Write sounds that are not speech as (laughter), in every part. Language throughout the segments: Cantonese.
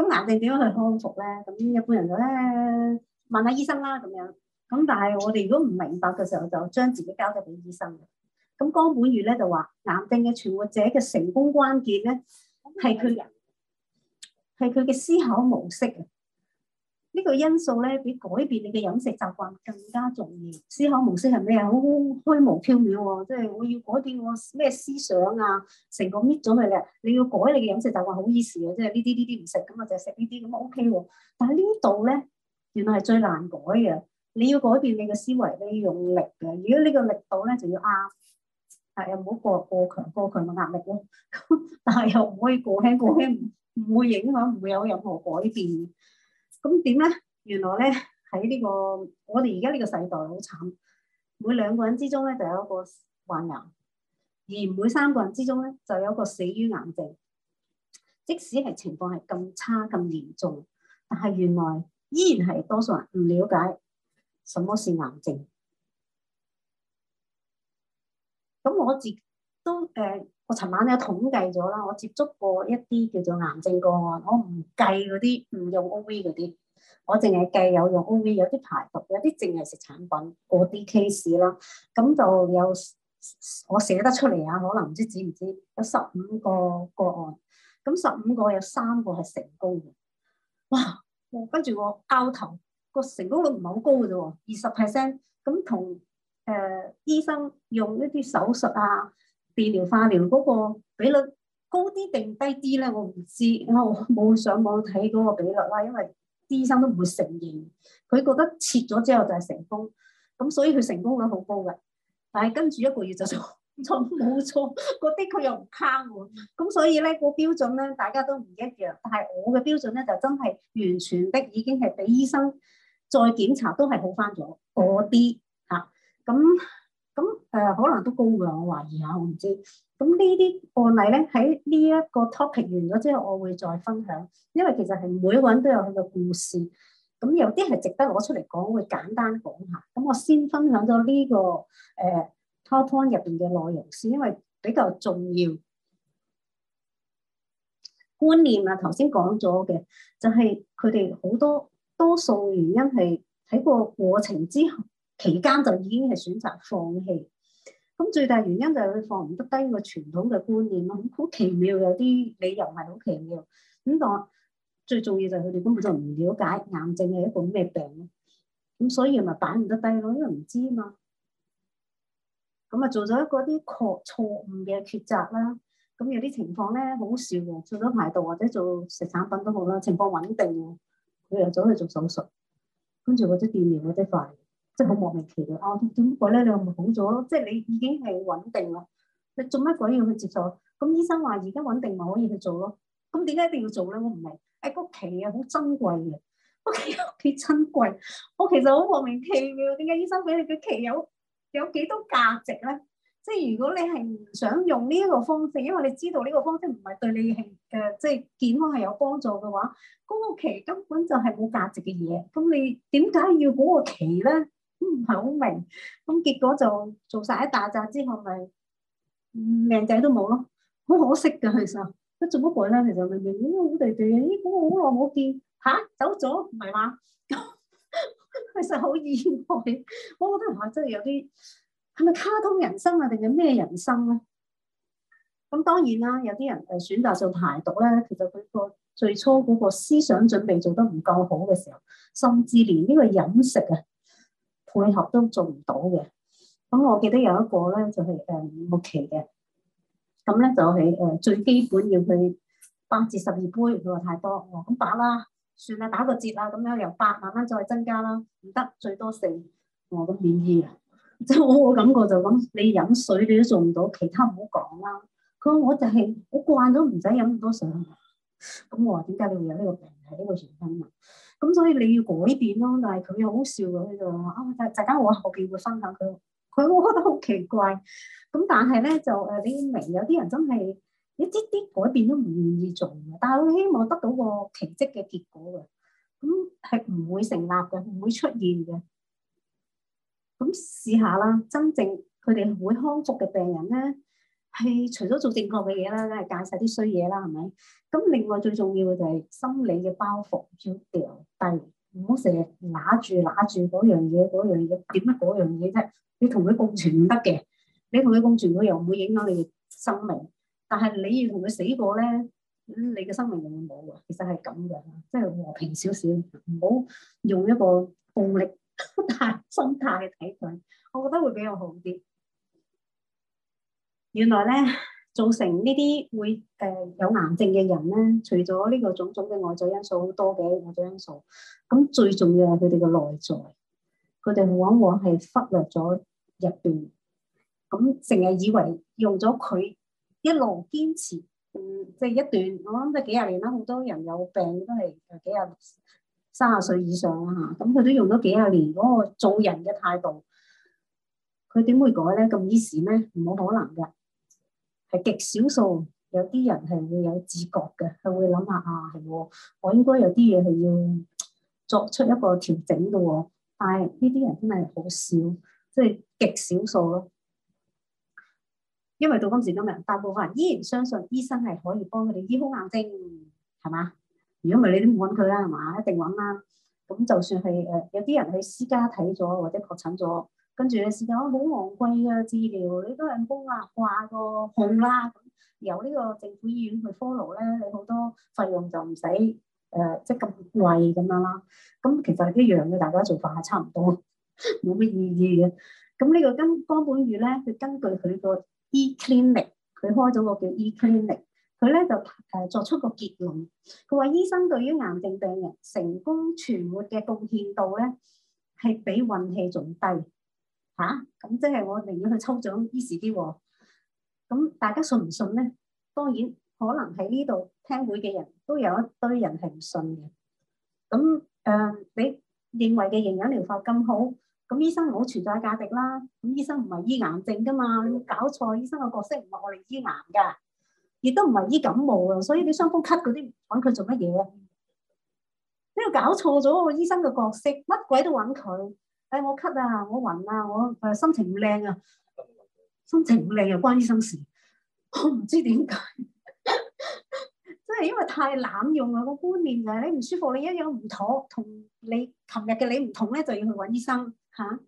咁癌症點樣去康復咧？咁一般人就咧問下醫生啦，咁樣。咁但係我哋如果唔明白嘅時候，就將自己交咗俾醫生。咁江本願咧就話，癌症嘅存活者嘅成功關鍵咧係佢係佢嘅思考模式。呢個因素咧，比改變你嘅飲食習慣更加重要。思考模式係咩啊？好虛無縹緲喎，即係我要改變我咩思想啊，成個搣咗佢嘅。你要改你嘅飲食習慣，好意思啊。即係呢啲呢啲唔食，咁我就食呢啲，咁啊 OK 喎。但係呢度咧，原來係最難改嘅。你要改變你嘅思維，你要用力嘅。如果呢個力度咧，就要啱，係又唔好過過強，過強咪壓力咯。咁 (laughs) 但係又唔可以過輕，過輕唔會影響，唔會有任何改變咁點咧？原來咧，喺呢個我哋而家呢個世代好慘，每兩個人之中咧就有一個患癌，而每三個人之中咧就有一個死於癌症。即使係情況係咁差咁嚴重，但係原來依然係多數人唔了解什麼是癌症。咁我自己誒、嗯，我尋晚有統計咗啦，我接觸過一啲叫做癌症個案，我唔計嗰啲唔用 OV 嗰啲，我淨係計有用 OV，有啲排毒，有啲淨係食產品嗰啲 case 啦。咁就有我寫得出嚟啊，可能唔知指知唔知有十五個個案，咁十五個有三個係成功嘅，哇！跟住我包頭個成功率唔係好高嘅喎，二十 percent。咁同誒、呃、醫生用一啲手術啊～電療、治療化療嗰、那個比率高啲定低啲咧？我唔知，我冇上網睇嗰個比率啦，因為啲醫生都唔會承認，佢覺得切咗之後就係成功，咁所以佢成功率好高嘅。但係跟住一個月就錯冇錯，嗰啲佢又唔卡喎，咁所以咧、那個標準咧大家都唔一樣，但係我嘅標準咧就真係完全的已經係俾醫生再檢查都係好翻咗嗰啲吓，咁。啊咁誒可能都高㗎，我懷疑下，我唔知。咁呢啲案例咧，喺呢一個 topic 完咗之後，我會再分享，因為其實係每個人都有佢嘅故事。咁有啲係值得攞出嚟講，會簡單講下。咁我先分享咗呢個誒 topic 入邊嘅內容先，因為比較重要觀念啊。頭先講咗嘅就係佢哋好多多數原因係喺個過程之後。期間就已經係選擇放棄，咁最大原因就係佢放唔得低個傳統嘅觀念咯。好奇妙，有啲理由係好奇妙。咁但最重要就係佢哋根本就唔了解癌症係一個咩病，咁所以咪擺唔得低咯，因為唔知啊嘛。咁啊做咗嗰啲確錯誤嘅抉擇啦。咁有啲情況咧，好少，做咗排毒或者做食產品都好啦，情況穩定，佢又走去做手術，跟住或者電療或者快。即係好莫名其妙啊！做乜鬼咧？你又唔係好咗咯？即係你已經係穩定啦，你做乜鬼要去接受？咁醫生話而家穩定，咪可以去做咯？咁點解一定要做咧？我唔明。誒、哎個期啊，好珍貴嘅，個期幾珍貴？我、啊、其實好莫名其妙，點解醫生俾你嘅期有有幾多價值咧？即係如果你係唔想用呢一個方式，因為你知道呢個方式唔係對你係誒，即、就、係、是、健康係有幫助嘅話，嗰、個期根本就係冇價值嘅嘢。咁你點解要嗰個期咧？唔係好明，咁結果就做晒一大紮之後，咪命仔都冇咯，好可惜噶。其實佢做乜鬼咧？其實明明咦好地地，咦咁我好耐冇見，吓、啊、走咗唔係嘛？咁 (laughs) 其實好意外，我覺得吓真係有啲係咪卡通人生啊，定係咩人生咧？咁當然啦，有啲人誒選擇做排毒咧，其實佢個最初嗰個思想準備做得唔夠好嘅時候，甚至連呢個飲食啊～配合都做唔到嘅，咁我記得有一個咧就係誒冇期嘅，咁、呃、咧就係、是、誒、呃、最基本要佢八至十二杯，佢話太多，我咁八啦，算啦，打個折啦，咁樣由八慢慢再增加啦，唔得最多四，我、哦、咁免疫啊，即 (laughs) 係我感覺就咁、是，你飲水你都做唔到，其他唔好講啦。佢話我就係、是、我慣咗唔使飲咁多水，咁我話點解你會有呢個病係、這個、呢個原因啊？咁所以你要改變咯、啊，但係佢又好笑喎，佢就話啊，大家，陣間我後邊會分享佢，佢我覺得好奇怪，咁但係咧就你明，有啲人真係一啲啲改變都唔願意做嘅，但係佢希望得到個奇蹟嘅結果嘅，咁係唔會成立嘅，唔會出現嘅。咁試下啦，真正佢哋會康復嘅病人咧。係，除咗做正確嘅嘢啦，梗係戒晒啲衰嘢啦，係咪？咁另外最重要嘅就係心理嘅包袱要掉低，唔好成日揦住揦住嗰樣嘢，嗰樣嘢點解嗰樣嘢啫？你同佢共存唔得嘅，你同佢共存佢又唔會影響你嘅生命，但係你要同佢死過咧，你嘅生命就會冇啊。其實係咁樣，即係和平少少，唔好用一個暴力大 (laughs) 心態去睇佢，我覺得會比較好啲。原來咧，造成呢啲會誒、呃、有癌症嘅人咧，除咗呢個種種嘅外在因素，好多嘅外在因素，咁最重要係佢哋嘅內在，佢哋往往係忽略咗入邊，咁淨係以為用咗佢一路堅持，嗯，即係一段，我諗即係幾廿年啦，好多人有病都係幾廿卅歲以上啦吓，咁佢都用咗幾廿年嗰個做人嘅態度，佢點會改咧？咁 easy 咩？冇可能嘅。係極少數，有啲人係會有自覺嘅，係會諗下啊，係我，我應該有啲嘢係要作出一個調整嘅喎。但係呢啲人真係好少，即係極少數咯。因為到今時今日，大部分人依然相信醫生係可以幫佢哋醫好眼睛，係嘛？如果唔係，你都唔揾佢啦，係嘛？一定揾啦。咁就算係誒，有啲人去私家睇咗或者確診咗。跟住嘅時間，好昂貴嘅治療，你都係煲壓掛個號啦。由呢個政府醫院去 follow 咧，你好多費用就唔使誒，即係咁貴咁樣啦。咁、嗯、其實一樣嘅，大家做法係差唔多，冇乜意義嘅。咁、嗯這個、呢個跟江本宇咧，佢根據佢個 E Clinic，佢開咗個叫 E Clinic，佢咧就誒作出個結論，佢話醫生對於癌症病人成功存活嘅貢獻度咧，係比運氣仲低。吓，咁即係我寧願去抽獎 easy 啲喎。咁大家信唔信咧？當然，可能喺呢度聽會嘅人都有一堆人係唔信嘅。咁誒、呃，你認為嘅營養療法咁好，咁醫生冇存在價值啦。咁醫生唔係醫癌症噶嘛，你有冇搞錯醫生嘅角色唔係我哋醫癌噶，亦都唔係醫感冒啊。所以你傷風咳嗰啲揾佢做乜嘢咧？呢度搞錯咗個醫生嘅角色，乜鬼都揾佢。哎，我咳啊，我暈啊，我誒心情唔靚啊，心情唔靚又關醫生事？我唔知點解， (laughs) 真係因為太濫用啊個觀念啊，你唔舒服，你一樣唔妥，你你同你琴日嘅你唔同咧，就要去揾醫生吓。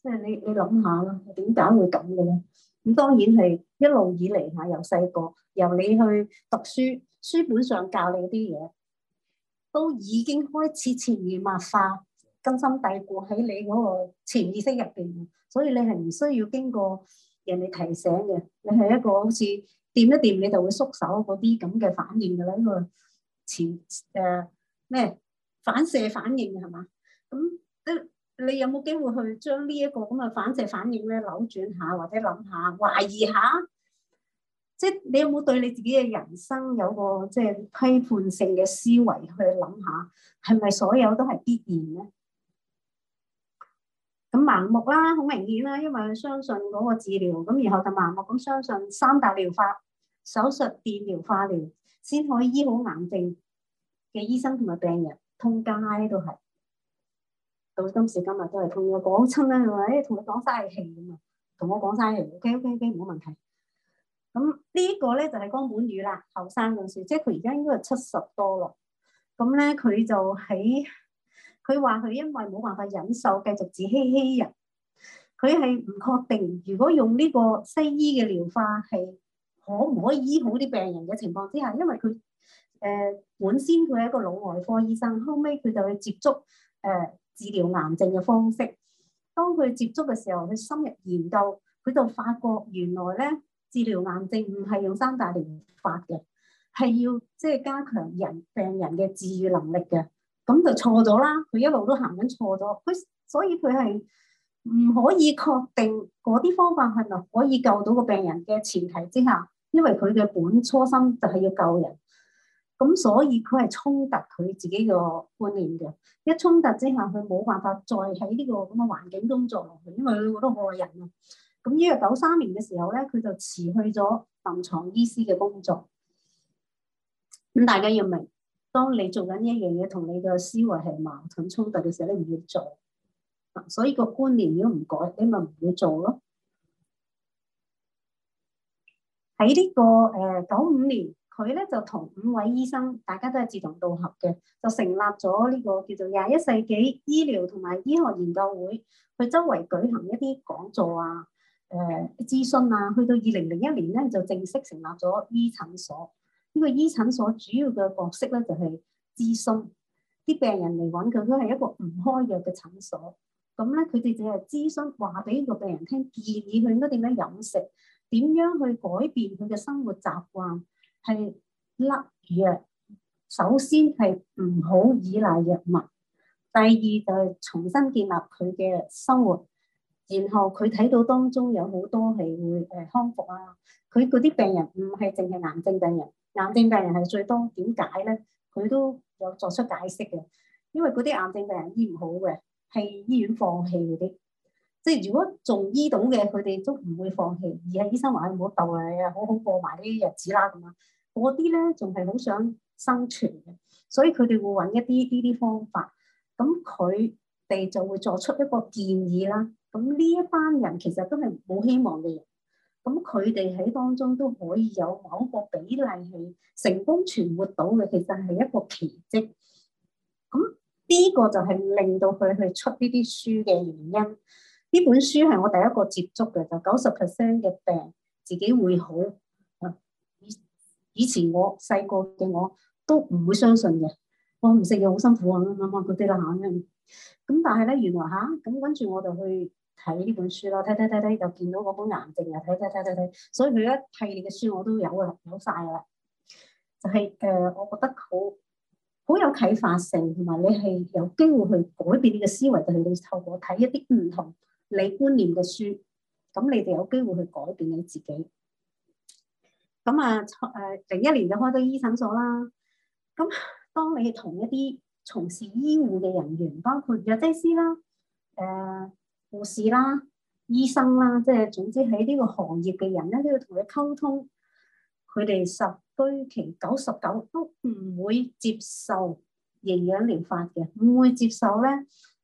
即、啊、係你你諗下啦，點解會咁嘅咧？咁當然係一路以嚟吓，由細個由你去讀書，書本上教你啲嘢，都已經開始潛移默化。根深蒂固喺你嗰個潛意識入邊，所以你係唔需要經過人哋提醒嘅，你係一個好似掂一掂你就會縮手嗰啲咁嘅反應嘅啦，呢個潛誒咩反射反應係嘛？咁你你有冇機會去將呢一個咁嘅反射反應咧，扭轉下，或者諗下懷疑下？即係、就是、你有冇對你自己嘅人生有個即係、就是、批判性嘅思維去諗下，係咪所有都係必然咧？咁盲目啦，好明顯啦，因為佢相信嗰個治療，咁然後就盲目咁相信三大療法：手術、電療、化療，先可以醫好癌症嘅醫生同埋病人，通街都係。到今時今日都係通。我、欸、講親啦，佢話：，誒，同我講嘥氣啊嘛，同我講嘥氣，OK，OK，OK，、OK, OK, OK, 冇問題。咁呢個咧就係、是、江本宇啦，後生嗰時，即係佢而家應該係七十多咯。咁咧，佢就喺。佢話佢因為冇辦法忍受，繼續自欺欺人。佢係唔確定，如果用呢個西醫嘅療法係可唔可以醫好啲病人嘅情況之下，因為佢誒、呃，本身，佢係一個腦外科醫生，後尾佢就去接觸誒、呃、治療癌症嘅方式。當佢接觸嘅時候，佢深入研究，佢就發覺原來咧治療癌症唔係用三大療法嘅，係要即係、就是、加強人病人嘅治癒能力嘅。咁就錯咗啦！佢一路都行緊錯咗，佢所以佢係唔可以確定嗰啲方法係咪可以救到個病人嘅前提之下，因為佢嘅本初心就係要救人。咁所以佢係衝突佢自己個觀念嘅，一衝突之下佢冇辦法再喺呢個咁嘅環境工作落去，因為佢覺得害人啊。咁呢個九三年嘅時候咧，佢就辭去咗臨床醫師嘅工作。咁大家要明。當你做緊呢一樣嘢，同你嘅思維係矛盾衝突嘅時候，你唔要做，啊。所以個觀念如果唔改，你咪唔會做咯。喺呢個誒九五年，佢咧就同五位醫生，大家都係志同道合嘅，就成立咗呢個叫做廿一世紀醫療同埋醫學研究會。佢周圍舉行一啲講座啊，誒諮詢啊。去到二零零一年咧，就正式成立咗醫診所。呢個醫診所主要嘅角色咧，就係諮詢。啲病人嚟揾佢，都係一個唔開藥嘅診所。咁咧，佢哋淨係諮詢，話俾個病人聽，建議佢應該點樣飲食，點樣去改變佢嘅生活習慣，係甩藥。首先係唔好依賴藥物，第二就係重新建立佢嘅生活。然後佢睇到當中有好多係會誒、呃、康復啊，佢嗰啲病人唔係淨係癌症病人。癌症病人係最多，點解咧？佢都有作出解釋嘅，因為嗰啲癌症病人醫唔好嘅，係醫院放棄嗰啲。即係如果仲醫到嘅，佢哋都唔會放棄，而係醫生話佢唔好鬥啊，好好過埋呢啲日子啦咁樣。嗰啲咧仲係好想生存嘅，所以佢哋會揾一啲呢啲方法。咁佢哋就會作出一個建議啦。咁呢一班人其實都係冇希望嘅人。咁佢哋喺當中都可以有某個比例係成功存活到嘅，其實係一個奇蹟。咁呢個就係令到佢去出呢啲書嘅原因。呢本書係我第一個接觸嘅，就九十 percent 嘅病自己會好。以以前我細個嘅我，我都唔會相信嘅，我唔食嘢好辛苦啊，乜乜啲啦嚇。咁但係咧原來吓，咁跟住我就去。睇呢本書咯，睇睇睇睇就見到嗰本癌症又睇睇睇睇睇，所以佢一系列嘅書我都有啦，有晒啦。就係、是、誒，uh, 我覺得好好有啟發性，同埋你係有機會去改變你嘅思維，就係、是、你透過睇一啲唔同你觀念嘅書，咁你哋有機會去改變你自己。咁啊，誒、uh，第一年就開咗醫生所啦。咁當你同一啲從事醫護嘅人員，包括藥劑師啦，誒、uh,。護士啦、醫生啦，即係總之喺呢個行業嘅人咧，都要同佢溝通，佢哋十居其九十九都唔會接受營養療法嘅，唔會接受咧，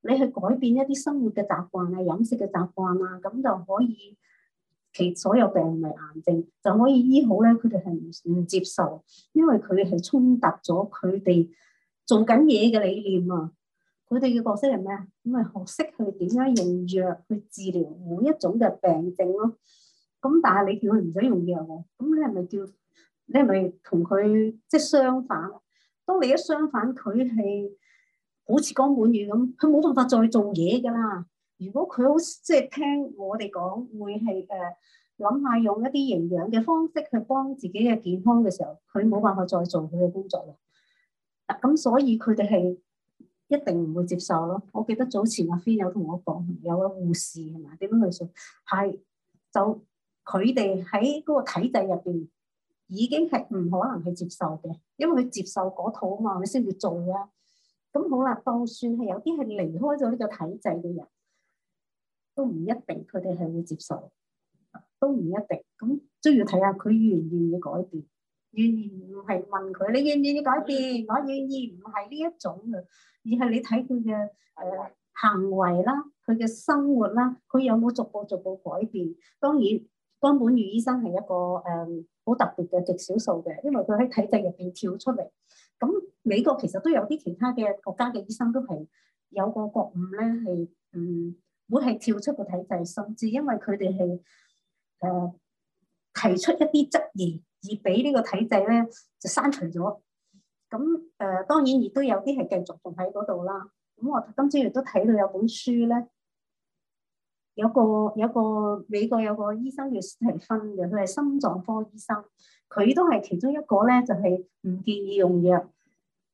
你去改變一啲生活嘅習慣啊、飲食嘅習慣啊，咁就可以其所有病唔係癌症就可以醫好咧，佢哋係唔唔接受，因為佢係衝突咗佢哋做緊嘢嘅理念啊。佢哋嘅角色係咩啊？咁咪學識去點樣用藥去治療每一種嘅病症咯。咁但係你叫佢唔使用藥喎，咁你係咪叫你係咪同佢即係相反？當你一相反，佢係好似江本魚咁，佢冇辦法再做嘢㗎啦。如果佢好即係、就是、聽我哋講，會係誒諗下用一啲營養嘅方式去幫自己嘅健康嘅時候，佢冇辦法再做佢嘅工作啦。咁、啊、所以佢哋係。一定唔會接受咯。我記得早前阿芬有同我講，有個護士係嘛點樣描述？係就佢哋喺嗰個體制入邊已經係唔可能去接受嘅，因為佢接受嗰套啊嘛，佢先會做嘅。咁好啦，就算係有啲係離開咗呢個體制嘅人，都唔一定佢哋係會接受，都唔一定。咁都要睇下佢願意唔願意改變願意唔係問佢，你願唔願意改變，我願意唔係呢一種嘅，而係你睇佢嘅誒行為啦，佢嘅生活啦，佢有冇逐步逐步改變？當然，江本宇醫生係一個誒好、嗯、特別嘅極少數嘅，因為佢喺體制入邊跳出嚟。咁美國其實都有啲其他嘅國家嘅醫生都係有個覺悟咧，係嗯會係跳出個體制，甚至因為佢哋係誒提出一啲質疑。而俾呢個體制咧就刪除咗，咁、嗯、誒當然亦都有啲係繼續仲喺嗰度啦。咁、嗯、我今朝亦都睇到有本書咧，有個有個美國有個醫生叫提分嘅，佢係心臟科醫生，佢都係其中一個咧，就係、是、唔建議用藥，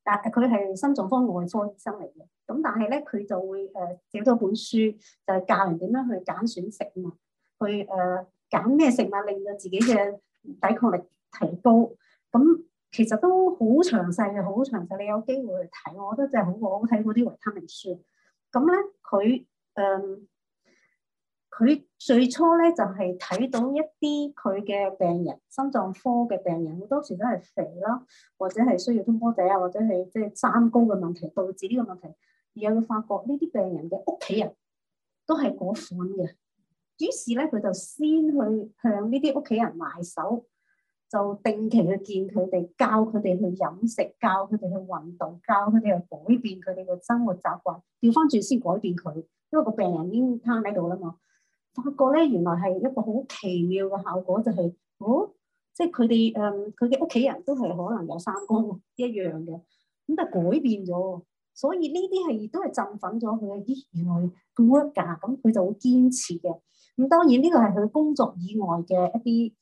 但係佢係心臟科外科醫生嚟嘅。咁、嗯、但係咧佢就會誒寫咗本書，就係、是、教人點樣去揀選，選食物，去誒揀咩食物令到自己嘅抵抗力。提高。咁，其實都好詳細嘅，好詳細。你有機會去睇，我覺得真係好好睇過啲維他命書。咁咧，佢誒佢最初咧就係、是、睇到一啲佢嘅病人，心臟科嘅病人好多時都係肥啦，或者係需要通波仔啊，或者係即係三高嘅問題導致呢個問題，而佢發覺呢啲病人嘅屋企人都，都係嗰款嘅。於是咧，佢就先去向呢啲屋企人埋手。就定期去見佢哋，教佢哋去飲食，教佢哋去運動，教佢哋去改變佢哋嘅生活習慣，調翻轉先改變佢。因為個病人已經癱喺度啦嘛，發覺咧原來係一個好奇妙嘅效果，就係、是，哦，即係佢哋誒，佢嘅屋企人都係可能有三高一樣嘅，咁就改變咗，所以呢啲係都係振奮咗佢啊！咦，原來咁一噶，咁佢就好堅持嘅。咁當然呢個係佢工作以外嘅一啲。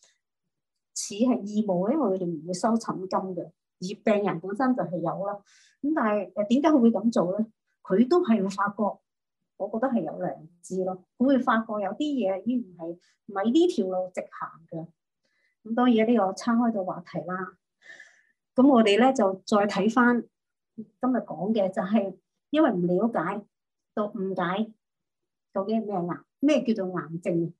似係義務，因為佢哋唔會收診金嘅，而病人本身就係有啦。咁但係誒點解佢會咁做咧？佢都係會發覺，我覺得係有良知咯。佢會發覺有啲嘢已經唔係唔係呢條路直行嘅。咁當然呢個撐開個話題啦。咁我哋咧就再睇翻今日講嘅，就係因為唔了解到誤解，究竟係咩癌？咩叫做癌症？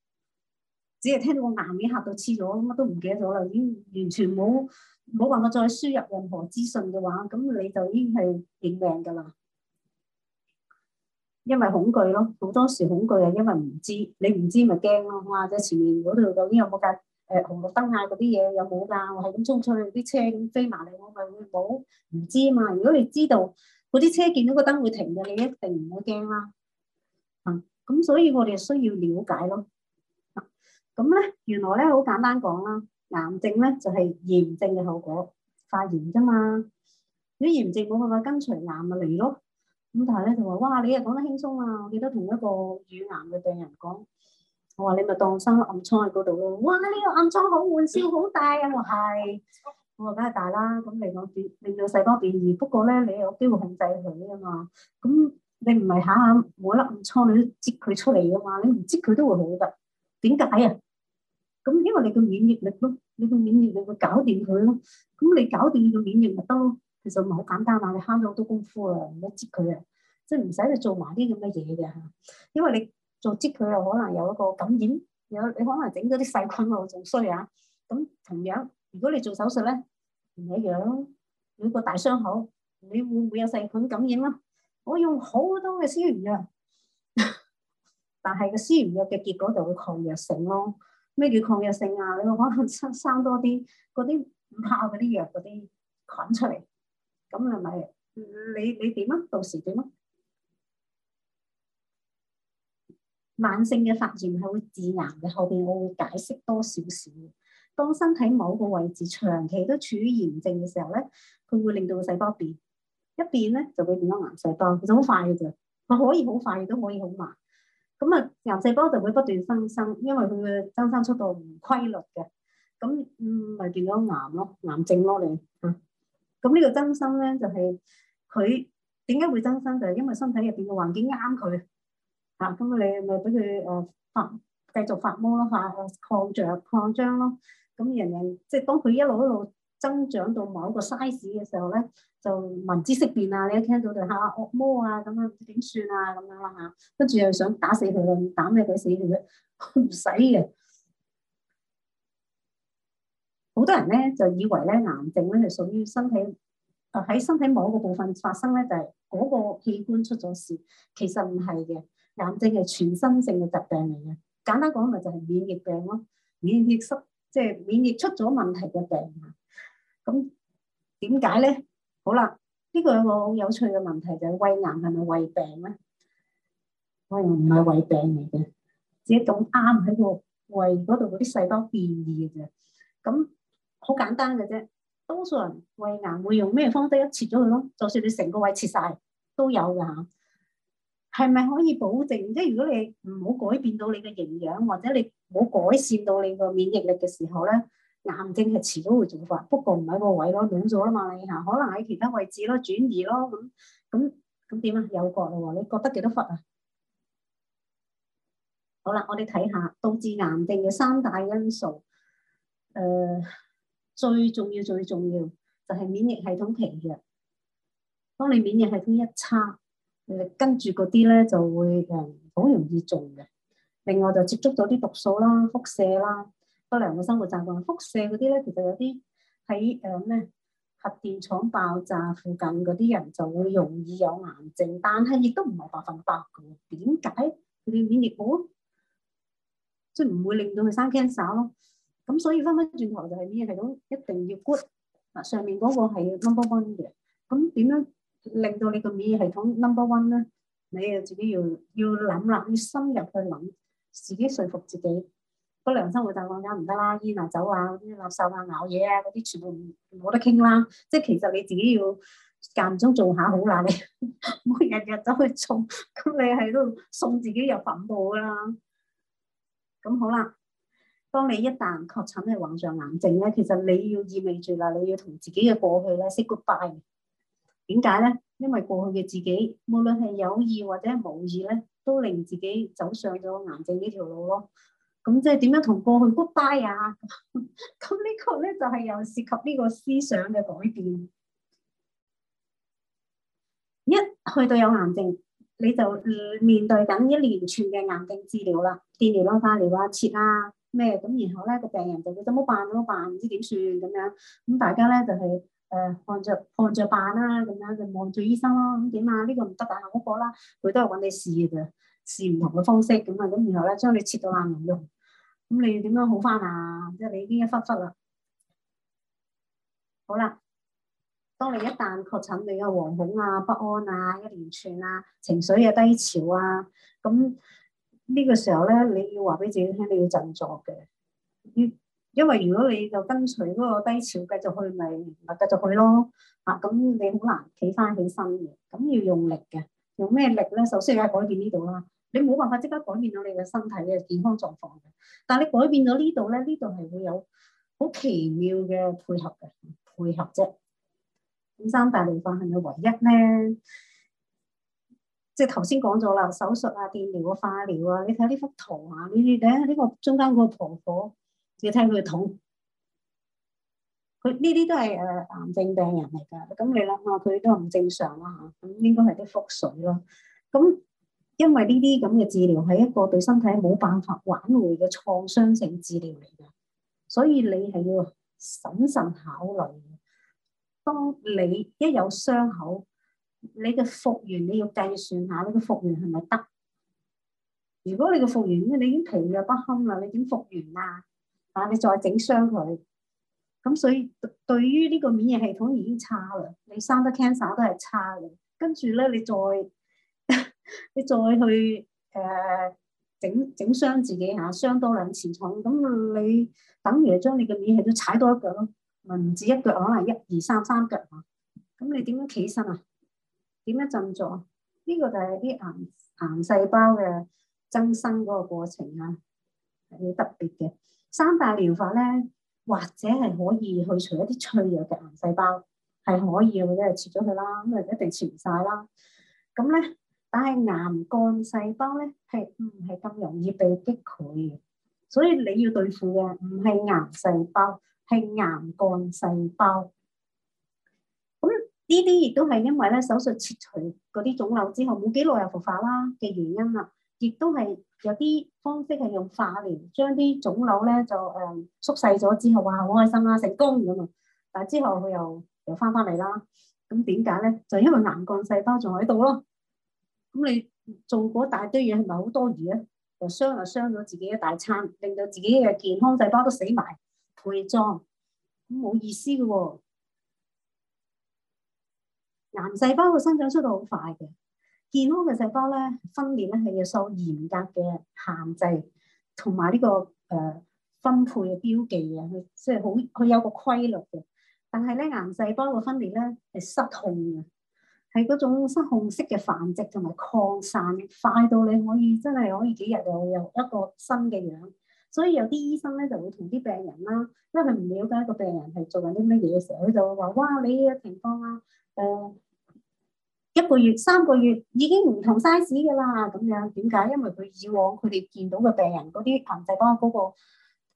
只係聽到個牙面嚇到黐咗，我都唔記得咗啦，已經完全冇冇辦法再輸入任何資訊嘅話，咁你就已經係認命㗎啦。因為恐懼咯，好多時恐懼係因為唔知，你唔知咪驚咯。或者前面嗰度究竟有冇架誒紅綠燈啊？嗰啲嘢有冇㗎？我係咁沖出去，啲車咁飛埋嚟，我咪會冇唔知啊嘛。如果你知道嗰啲車見到個燈會停嘅，你一定唔會驚啦。啊，咁所以我哋需要了解咯。咁咧，原來咧好簡單講啦，癌症咧就係炎症嘅後果，發炎啫嘛。如果炎症冇辦法根除癌咪嚟咯。咁但係咧就話，哇，你又講得輕鬆啊！我記得同一個乳癌嘅病人講，我話你咪當生暗瘡喺嗰度咯。哇，呢、這個暗瘡好玩笑，好大啊！我話係，我話梗係大啦。咁令到變，令到細胞變異。不過咧，你，你，你有機會控制佢啊嘛。咁你唔係下下每粒暗瘡，你都擠佢出嚟噶嘛。你唔擠佢都會好噶。點解啊？咁因為你個免疫力咯，你個免疫力會搞掂佢咯。咁你搞掂你個免疫力得咯。其實唔係好簡單嘛，你慳咗好多功夫啊，唔使接佢嘅，即係唔使你做埋啲咁嘅嘢嘅嚇。因為你做接佢又可能有一個感染，有你可能整咗啲細菌咯，仲衰啊！咁同樣，如果你做手術咧，唔一樣，有個大傷口，你會唔會有細菌感染啊？我用好多嘅消炎藥， (laughs) 但係個消炎藥嘅結果就會抗藥性咯。咩叫抗藥性啊？你話可能生多啲嗰啲唔怕嗰啲藥嗰啲菌出嚟，咁係咪你你點啊？到時點啊？慢性嘅發炎係會致癌嘅，後邊我會解釋多少少。當身體某個位置長期都處於炎症嘅時候咧，佢會令到個細胞變，一變咧就會變咗癌細胞，其實好快嘅啫。佢可以好快，亦都可以好慢。咁啊，癌細胞就會不斷增生，因為佢嘅增生速度唔規律嘅，咁嗯咪變咗癌咯，癌症咯你。嗯。咁呢個增生咧就係佢點解會增生？就係、是、因為身體入邊嘅環境啱佢。啊，咁你咪俾佢誒發繼續發毛咯，發誒擴張擴張咯。咁人人即係當佢一路一路。增長到某一個 size 嘅時候咧，就聞之色變啊！你一聽到就嚇惡、啊、魔啊，咁樣點算啊？咁樣啦嚇，跟住又想打死佢，打咩佢死佢？唔使嘅，好多人咧就以為咧癌症咧係屬於身體喺、呃、身體某一個部分發生咧就係、是、嗰個器官出咗事，其實唔係嘅，癌症係全身性嘅疾病嚟嘅。簡單講咪就係免疫病咯，免疫失即係免疫出咗問題嘅病。咁點解咧？好啦，呢個有個好有趣嘅問題，就係胃癌係咪胃病咧？胃癌唔係胃病嚟嘅，只係咁啱喺個胃嗰度嗰啲細胞變異嘅啫。咁好簡單嘅啫。多數人胃癌會用咩方式，一切咗佢咯。就算你成個胃切晒都有噶吓，係咪可以保證？即係如果你唔好改變到你嘅營養，或者你冇改善到你個免疫力嘅時候咧？癌症係遲早會做㗎，不過唔喺個位咯，攣咗啦嘛，你嚇可能喺其他位置咯，轉移咯咁咁咁點啊？有覺啦喎，你覺得幾多忽啊？好啦，我哋睇下導致癌症嘅三大因素。誒、呃、最重要最重要就係、是、免疫系統疲弱，當你免疫系統一差，誒跟住嗰啲咧就會誒好容易做嘅。另外就接觸到啲毒素啦、輻射啦。不良嘅生活習慣，輻射嗰啲咧，其實有啲喺誒咩核電廠爆炸附近嗰啲人就會容易有癌症，但係亦都唔係百分百㗎。點解佢哋免疫好，即係唔會令到佢生 cancer 咯？咁所以翻返轉頭就係免疫系統一定要 good。嗱，上面嗰個係 number one 嘅，咁點樣令到你個免疫系統 number one 咧？你呀自己要要諗啦，要深入去諗，自己説服自己。不良生活習慣梗唔得啦，煙啊、酒啊、嗰啲垃圾啊、咬嘢啊，嗰啲全部冇得傾啦。即係其實你自己要間唔中做下，好難你唔好日日走去做，咁你係都送自己入墳墓噶啦。咁好啦，當你一旦確診係患上癌症咧，其實你要意味住啦，你要同自己嘅過去咧 Say goodbye。點解咧？因為過去嘅自己，無論係有意或者係無意咧，都令自己走上咗癌症呢條路咯。咁即係點樣同過去 goodbye 啊？咁 (laughs) 呢個咧就係、是、又涉及呢個思想嘅改變。一去到有癌症，你就、嗯、面對緊一連串嘅癌症治療啦，電療啦、化療啊、切啊咩咁。然後咧個病人就會，怎麼辦？怎麼辦？唔知點算咁樣。咁大家咧就係、是、誒、呃、看着看着辦啦，咁樣就望住醫生咯。咁點啊？呢、這個唔得，但係嗰個啦，佢都係揾你試嘅，試唔同嘅方式咁啊。咁然後咧將你切到爛茸茸。咁你要點樣好翻啊？即係你已經一忽忽啦。好啦，當你一旦確診，你有惶恐啊、不安啊、一連串啊、情緒啊低潮啊，咁呢個時候咧，你要話俾自己聽，你要振作嘅。要因為如果你就跟隨嗰個低潮繼續去，咪咪繼續去咯。啊，咁你好難企翻起身嘅。咁要用力嘅，用咩力咧？首先要改變呢度啦。你冇辦法即刻改變到你嘅身體嘅健康狀況嘅，但係你改變咗呢度咧，呢度係會有好奇妙嘅配合嘅配合啫。咁三大療法係咪唯一咧？即係頭先講咗啦，手術啊、電療啊、化療啊，你睇呢幅圖啊，你睇下呢個中間嗰個婆婆，你睇佢嘅肚，佢呢啲都係誒、呃、癌症病人嚟㗎。咁你諗下，佢都唔正常啦、啊、嚇，咁應該係啲腹水咯、啊。咁因為呢啲咁嘅治療係一個對身體冇辦法挽回嘅創傷性治療嚟噶，所以你係要審慎、慎考慮。當你一有傷口，你嘅復原你要計算下，你嘅復原係咪得？如果你嘅復原，你已經疲弱不堪啦，你點復原啊？啊，你再整傷佢，咁所以對於呢個免疫系統已經差啦，你生得 cancer 都係差嘅，跟住咧你再。你再去誒，整整傷自己吓，傷多兩次重，咁你等於係將你嘅面係都踩多一腳咯，唔止一腳，可能一二三三腳吓，咁你點樣企身啊？點樣振作？呢個就係啲癌癌細胞嘅增生嗰個過程啊，係好特別嘅三大療法咧，或者係可以去除一啲脆弱嘅癌細胞，係可以嘅，因為切咗佢啦，咁啊一定切唔晒啦，咁咧。但係癌幹細胞咧，係唔係咁容易被擊潰嘅？所以你要對付嘅唔係癌細胞，係癌幹細胞。咁呢啲亦都係因為咧手術切除嗰啲腫瘤之後，冇幾耐又復發啦，嘅原因啦，亦都係有啲方式係用化療將啲腫瘤咧就誒縮細咗之後，哇好開心啦，成功咁啊！但係之後佢又又翻返嚟啦。咁點解咧？就因為癌幹細胞仲喺度咯。咁你做嗰大堆嘢，係咪好多餘啊？又傷又傷咗自己嘅大餐，令到自己嘅健康細胞都死埋，配裝咁冇意思嘅喎、哦。癌細胞嘅生長速度好快嘅，健康嘅細胞咧分裂咧係要受嚴格嘅限制，同埋呢個誒、呃、分配嘅標記啊，佢即係好佢有個規律嘅。但係咧，癌細胞嘅分裂咧係失控嘅。係嗰種失控式嘅繁殖同埋擴散，快到你可以真係可以幾日又有一個新嘅樣。所以有啲醫生咧就會同啲病人啦，因為佢唔了解一個病人係做緊啲乜嘢嘅時候，佢就會話，哇，你嘅情況啊，誒、呃，一個月、三個月已經唔同 size 㗎啦，咁樣點解？因為佢以往佢哋見到嘅病人嗰啲癌細胞嗰個。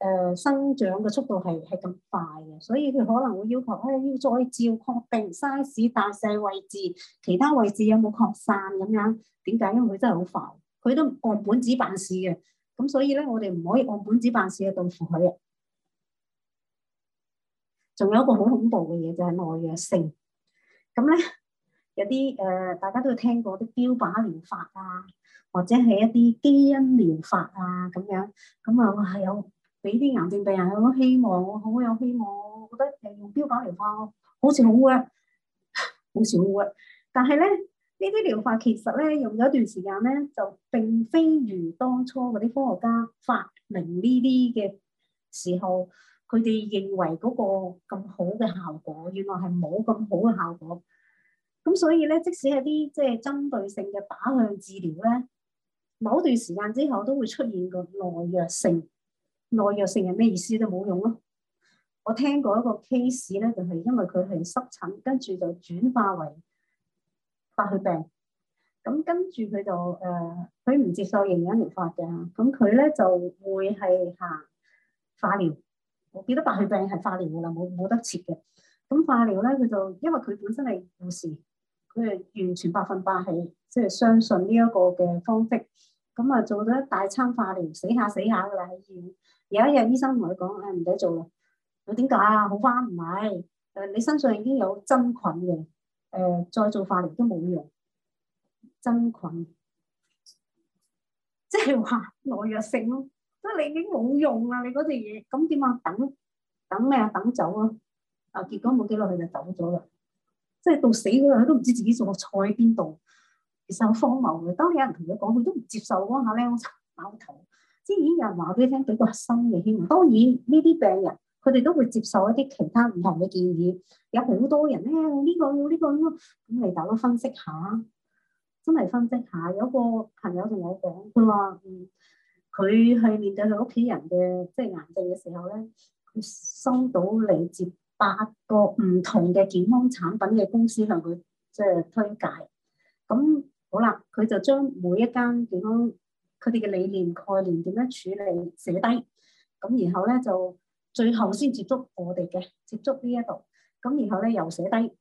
誒、呃，生長嘅速度係係咁快嘅，所以佢可能會要求，誒，要再照確定 size 大細位置，其他位置有冇擴散咁樣？點解？因為佢真係好煩，佢都按本子辦事嘅，咁所以咧，我哋唔可以按本子辦事啊，對付佢啊。仲有一個好恐怖嘅嘢就係、是、耐藥性。咁咧有啲誒、呃，大家都有聽過啲標靶療法啊，或者係一啲基因療法啊，咁樣咁啊，我係有。俾啲癌症病人有個希望，好有希望，我覺得誒用標靶療法好似好 work，好似好 work。但係咧呢啲療法其實咧用咗一段時間咧，就並非如當初嗰啲科學家發明呢啲嘅時候，佢哋認為嗰個咁好嘅效果，原來係冇咁好嘅效果。咁所以咧，即使係啲即係針對性嘅靶向治療咧，某段時間之後都會出現個耐藥性。耐藥性係咩意思？都冇用咯。我聽過一個 case 咧，就係、是、因為佢係濕疹，跟住就轉化為白血病。咁跟住佢就誒，佢、呃、唔接受營養療法嘅。咁佢咧就會係行化療。我記得白血病係化療㗎啦，冇冇得切嘅。咁化療咧，佢就因為佢本身係護士，佢係完全百分百係即係相信呢一個嘅方式。咁啊，做咗一大餐化療，死下死下噶啦喺醫院。有一日，醫生同佢講，誒、哎，唔使做啦。佢點解啊？好翻唔係？誒、呃，你身上已經有真菌嘅，誒、呃，再做化療都冇用。真菌，即係話耐藥性咯。即係你已經冇用啦，你嗰啲嘢。咁點啊？等，等咩啊？等走啊！啊，結果冇幾耐，佢就走咗啦。即係到死嗰陣，佢都唔知自己仲坐喺邊度。受荒謬嘅，當有人同佢講，佢都唔接受嗰下咧，我矛頭。之前有人話俾你聽幾個新嘅希望。當然呢啲病人佢哋都會接受一啲其他唔同嘅建議。有好多人咧，呢、哎呢個呢、呢個咁嚟大到分析下，真係分析下。有個朋友同我講，佢話嗯，佢去面對佢屋企人嘅即係癌症嘅時候咧，佢收到嚟接八個唔同嘅健康產品嘅公司向佢即係推介，咁。好啦，佢就將每一間點樣，佢哋嘅理念、概念點樣處理寫低，咁然後咧就最後先接觸我哋嘅接觸呢一度，咁然後咧又寫低，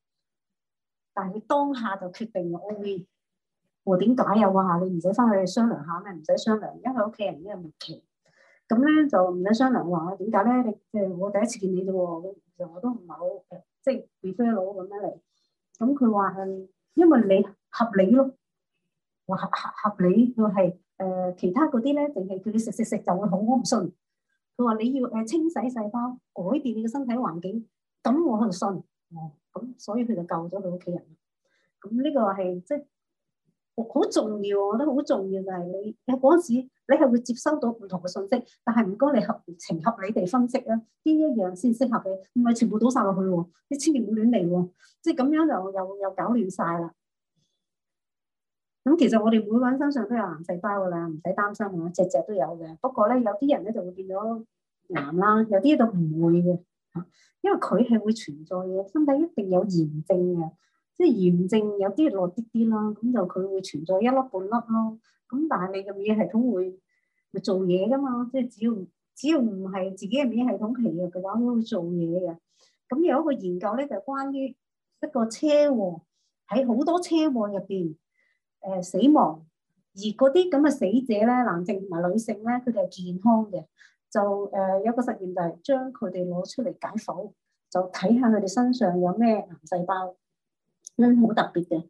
但係佢當下就決定我會，我點解又話你唔使翻去商量下咩？唔使商量，因為屋企人已經係默契，咁咧就唔使商量。我話我點解咧？你即係，我第一次見你啫喎，其實我都唔係好，即係 very 老咁樣嚟。咁佢話因為你合理咯。話合合合理，佢話係誒其他嗰啲咧，淨係叫你食食食就會好，我唔信。佢話你要誒清洗細胞，改變你嘅身體環境，咁我就信。哦、嗯，咁、嗯、所以佢就救咗佢屋企人。咁呢個係即係好重要，我覺得好重要就係、是、你喺嗰陣時，你係會接收到唔同嘅信息，但係唔該你合情合理地分析啊，邊一樣先適合你，唔係全部倒晒落去喎，你千祈唔好亂嚟喎，即係咁樣就又又，又，又搞亂晒啦。咁其實我哋每個人身上都有癌細胞㗎啦，唔使擔心吓，隻隻都有嘅。不過咧，有啲人咧就會變咗癌啦，有啲就唔會嘅吓，因為佢係會存在嘅，身體一定有炎症嘅，即係炎症有啲落啲啲啦，咁就佢會存在一粒半粒咯。咁但係你嘅免疫系統會會做嘢㗎嘛，即係只要只要唔係自己嘅免疫系統疲弱嘅話，都會做嘢嘅。咁有一個研究咧，就係關於一個車禍喺好多車禍入邊。誒、呃，死亡而嗰啲咁嘅死者咧，男性同埋女性咧，佢哋係健康嘅，就誒、呃、有一個實驗就係將佢哋攞出嚟解剖，就睇下佢哋身上有咩癌細胞。嗯，好特別嘅，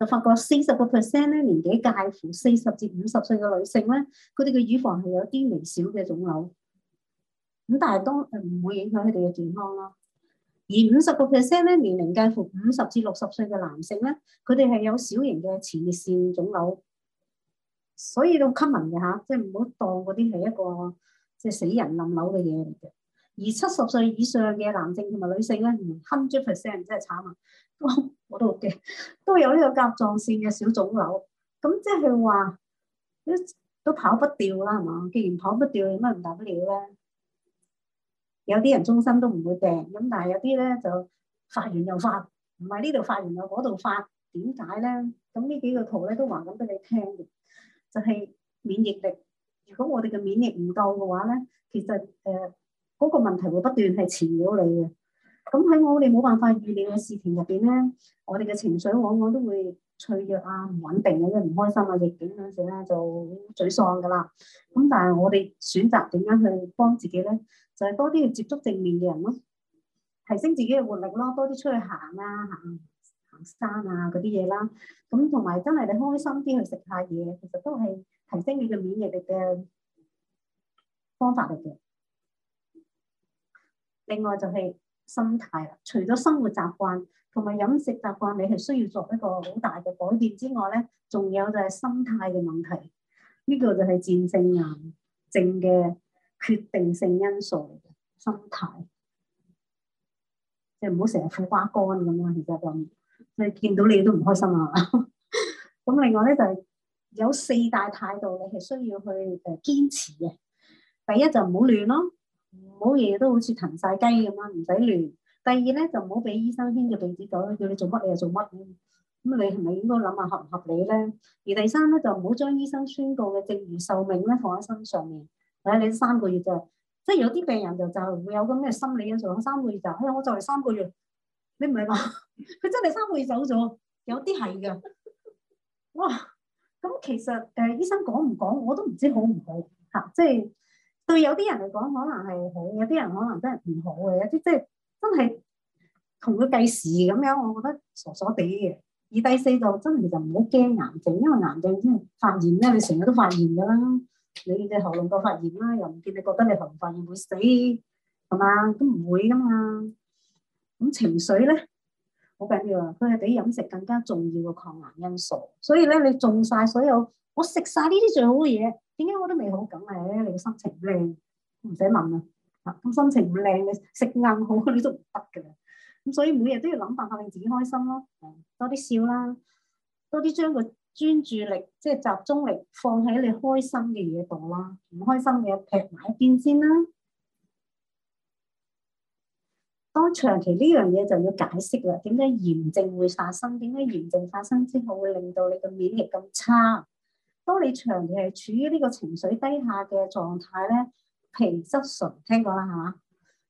就發覺四十個 percent 咧，年紀介乎四十至五十歲嘅女性咧，佢哋嘅乳房係有啲微小嘅腫瘤，咁但係都唔會影響佢哋嘅健康咯。而五十個 percent 咧，年齡介乎五十至六十歲嘅男性咧，佢哋係有小型嘅前列腺腫瘤，所以都 common 嘅吓，即係唔好當嗰啲係一個即係死人冧樓嘅嘢嚟嘅。而七十歲以上嘅男性同埋女性咧，hundred percent 真係慘啊！我都好驚，都有呢個甲狀腺嘅小腫瘤，咁即係話都都跑不掉啦，係嘛？既然跑不掉，有乜唔大不了咧？有啲人終身都唔會病，咁但係有啲咧就發完又發，唔係呢度發完又嗰度發，點解咧？咁呢幾個圖咧都話緊俾你聽嘅，就係、是、免疫力。如果我哋嘅免疫唔夠嘅話咧，其實誒嗰、呃那個問題會不斷係纏繞你嘅。咁喺我哋冇辦法預料嘅事情入邊咧，我哋嘅情緒往往都會脆弱啊，唔穩定啊，啲唔開心啊，逆境嗰陣咧就好沮喪噶啦。咁但係我哋選擇點樣去幫自己咧，就係、是、多啲去接觸正面嘅人咯、啊，提升自己嘅活力咯、啊，多啲出去行啊，啊、行山啊嗰啲嘢啦。咁同埋真係你開心啲去食下嘢，其實都係提升你嘅免疫力嘅方法嚟嘅。另外就係心態啦，除咗生活習慣。同埋飲食習慣，你係需要作一個好大嘅改變之外咧，仲有就係心態嘅問題，呢個就係戰勝癌症嘅決定性因素。心態，你唔好成日苦瓜乾咁樣，其實就見到你都唔開心啊！咁 (laughs) 另外咧就係有四大態度，你係需要去誒堅持嘅。第一就唔好亂咯，唔好嘢都好似騰晒雞咁樣，唔使亂。第二咧就唔好俾醫生牽著鼻子走，叫你做乜你又做乜咁。咁你係咪應該諗下合唔合理咧？而第三咧就唔好將醫生宣告嘅剩餘壽命咧放喺身上面。唉、哎，你三個月咋？即係有啲病人就就會有咁嘅心理，有時講三個月就，哎我就係三個月。你唔係話佢真係三個月走咗？有啲係㗎。 (laughs) 哇！咁其實誒、啊、醫生講唔講我都唔知好唔好吓，即係對有啲人嚟講可能係好，有啲人可能真係唔好嘅，有啲即係。就係真係同佢計時咁樣，我覺得傻傻地嘅。而第四就真係就唔好驚癌症，因為癌症先發炎咧，你成日都發炎噶啦，你嘅喉嚨又發炎啦，又唔見你覺得你喉嚨發炎會死係嘛？都唔會噶嘛。咁情緒咧好緊要啊，佢係比飲食更加重要嘅抗癌因素。所以咧，你種晒所有，我食晒呢啲最好嘅嘢，點解我都未好梗係咧？你嘅心情靚？唔使問啦。咁心情唔靚你食硬好，你都唔得噶。咁所以每日都要諗辦法令自己開心咯，多啲笑啦，多啲將個專注力即係、就是、集中力放喺你開心嘅嘢度啦，唔開心嘅嘢劈埋一邊先啦。當長期呢樣嘢就要解釋啦，點解炎症會發生？點解炎症發生之後會令到你嘅免疫咁差？當你長期係處於呢個情緒低下嘅狀態咧。皮質醇聽過啦係嘛？